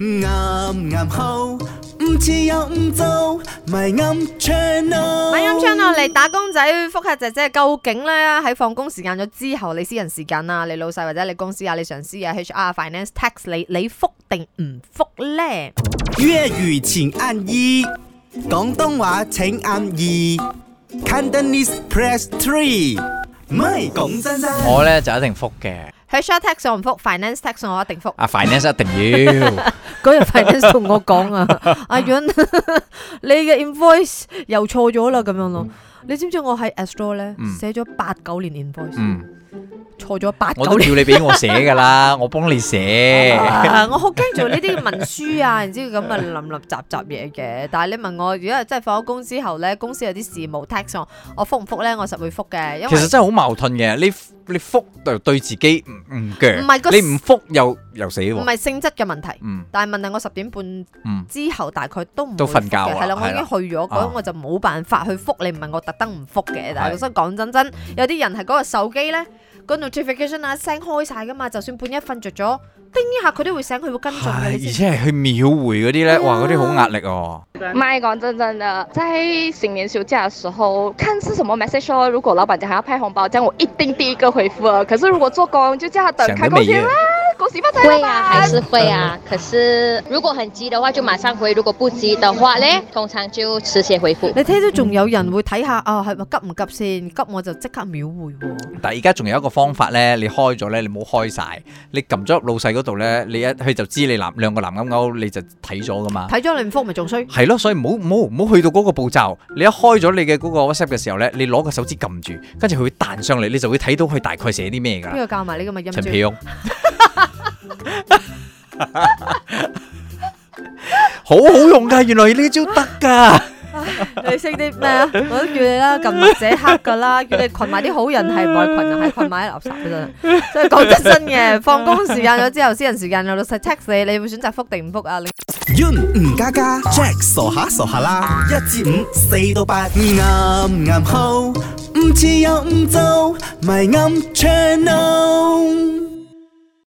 啱啱好，唔知有唔就咪暗 channel。咪暗 channel 嚟打工仔，覆下姐姐究竟咧，喺放工時間咗之後，你私人時間啊，你老細或者你公司啊，你上司啊，HR、Finance、Tax，你你覆定唔覆咧？粵語請按一，廣東話請按二，Cantonese press three。MY 講真真，我咧就一定覆嘅。HR Tax 我唔覆，Finance Tax 我一定覆。啊，Finance 一定要。嗰日快啲同我講啊，阿楊，你嘅 invoice 又錯咗啦，咁樣咯。嗯、你知唔知我喺 Astro 咧寫咗八九年 invoice？、嗯嗯錯咗八 我都要你俾我寫噶啦，我幫你寫。我好驚做呢啲文書啊，然之後咁啊，林林雜雜嘢嘅。但係你問我，如果係真係放咗工之後呢，公司有啲事務 text 我，我復唔復呢？我實會復嘅。因為其實真係好矛盾嘅，你你復對自己唔唔、嗯嗯、你唔復又又死喎。唔係性質嘅問題，但係問題我十點半之後大概都唔、嗯、都瞓覺嘅，係啦，我已經去咗，嗰啦我就冇辦法去復、啊、你，唔係我特登唔復嘅。但係我真講真真，有啲人係嗰個手機呢。個 notification 啊，聲開晒噶嘛，就算半夜瞓着咗，叮一下佢都會醒，佢會跟進。而且係去秒回嗰啲咧，Yeah. 哇嗰啲好壓力哦。唔係講 Yeah. 真真嘅，地，在成年休假時候，看是什麼 message，哦。如果老闆娘還要派紅包，咁我一定第一個回覆。可是如果做工，就叫他等開工先。會啊，還是會啊。可是如果很急的話就馬上回，如果不急的話呢，通常就遲些回覆。你聽到仲有人會睇下，哦係咪急唔急先？急我就即刻秒回。但係而家仲有一個方法呢，你開咗呢，你唔好開晒，你撳咗老細嗰度呢，你一去就知你男兩個藍勾勾，你就睇咗噶嘛。睇咗你唔覆咪仲衰？係咯，所以唔好唔好唔好去到嗰個步驟。你一開咗你嘅嗰個 WhatsApp 嘅時候呢，你攞個手指撳住，跟住佢會彈上嚟，你就會睇到佢大概寫啲咩噶。呢個教埋呢噶咪陳好好用噶，原來呢招得噶。你識啲咩啊？我都叫你啦，近墨者黑噶啦。叫你群埋啲好人係，群埋群人係，群埋啲垃圾噶啫。真係講真真嘅。放工時間咗之後，私人時間有老細 text 你，你會選擇覆定唔覆啊？你。yun 吳家家 jack 傻下傻下啦，一至五，四到八，唔啱唔啱好，唔似又唔就，咪啱 channel。